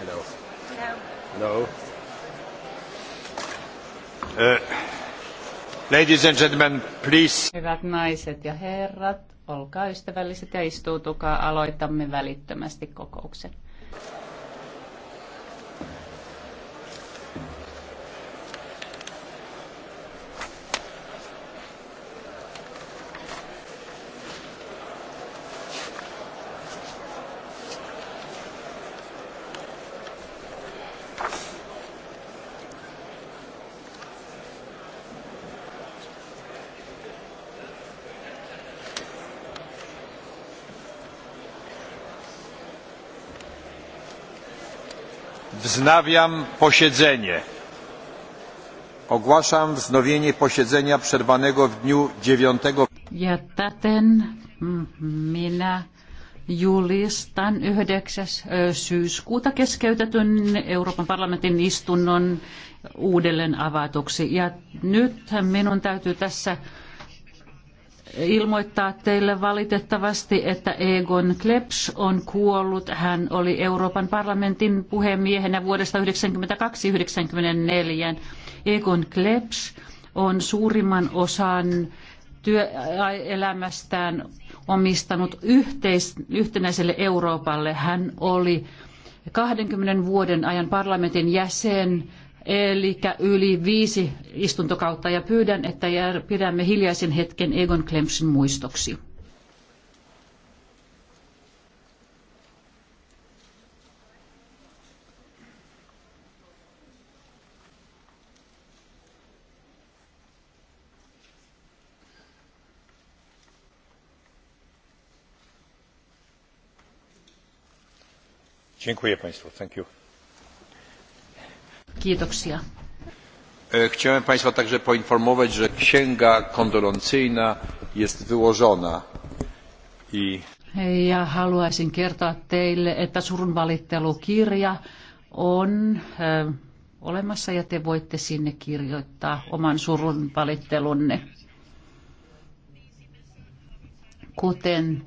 Hello. Hello. Uh, ladies and gentlemen, please. Hyvät naiset ja herrat, olkaa ystävälliset ja istuutukaa. Aloitamme välittömästi kokouksen. Wznawiam posiedzenie. Ogłaszam wznowienie posiedzenia przerwanego w dniu 9. Ja mm, minä julistan 9. E, syyskuuta keskeytetyn Euroopan parlamentin istunnon uudelleen avatuksi. Ja nyt minun täytyy tässä ilmoittaa teille valitettavasti, että Egon Kleps on kuollut. Hän oli Euroopan parlamentin puhemiehenä vuodesta 1992-1994. Egon Kleps on suurimman osan työelämästään omistanut yhteis, yhtenäiselle Euroopalle. Hän oli 20 vuoden ajan parlamentin jäsen, eli yli viisi istuntokautta, ja pyydän, että pidämme hiljaisen hetken Egon Klemsin muistoksi. Dziękuję Państwu. Thank you. Kiitoksia. E, chciałem Państwa także poinformować, że księga kondolencyjna jest wyłożona i... Ja haluaisin kertoa teille, että surunvalittelukirja on ö, e, olemassa ja te voitte sinne kirjoittaa oman surunvalittelunne. Kuten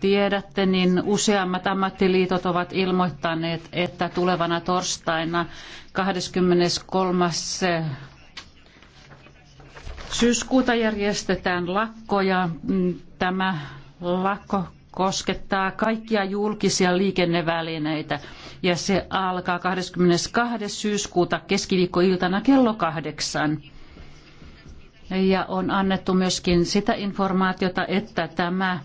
tiedätte, niin useammat ammattiliitot ovat ilmoittaneet, että tulevana torstaina 23. syyskuuta järjestetään lakko ja mm, tämä lakko koskettaa kaikkia julkisia liikennevälineitä ja se alkaa 22. syyskuuta keskiviikkoiltana kello kahdeksan. Ja on annettu myöskin sitä informaatiota, että tämä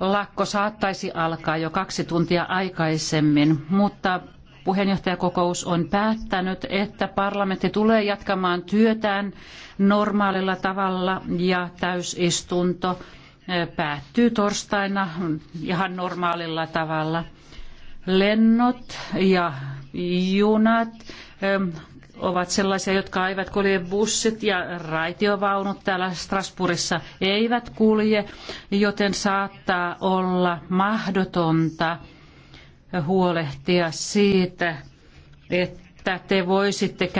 Lakko saattaisi alkaa jo kaksi tuntia aikaisemmin, mutta puheenjohtajakokous on päättänyt, että parlamentti tulee jatkamaan työtään normaalilla tavalla ja täysistunto eh, päättyy torstaina ihan normaalilla tavalla. Lennot ja junat eh, ovat sellaisia, jotka eivät kulje bussit ja raitiovaunut täällä Strasbourgissa eivät kulje, joten saattaa olla mahdotonta huolehtia siitä, että te voisitte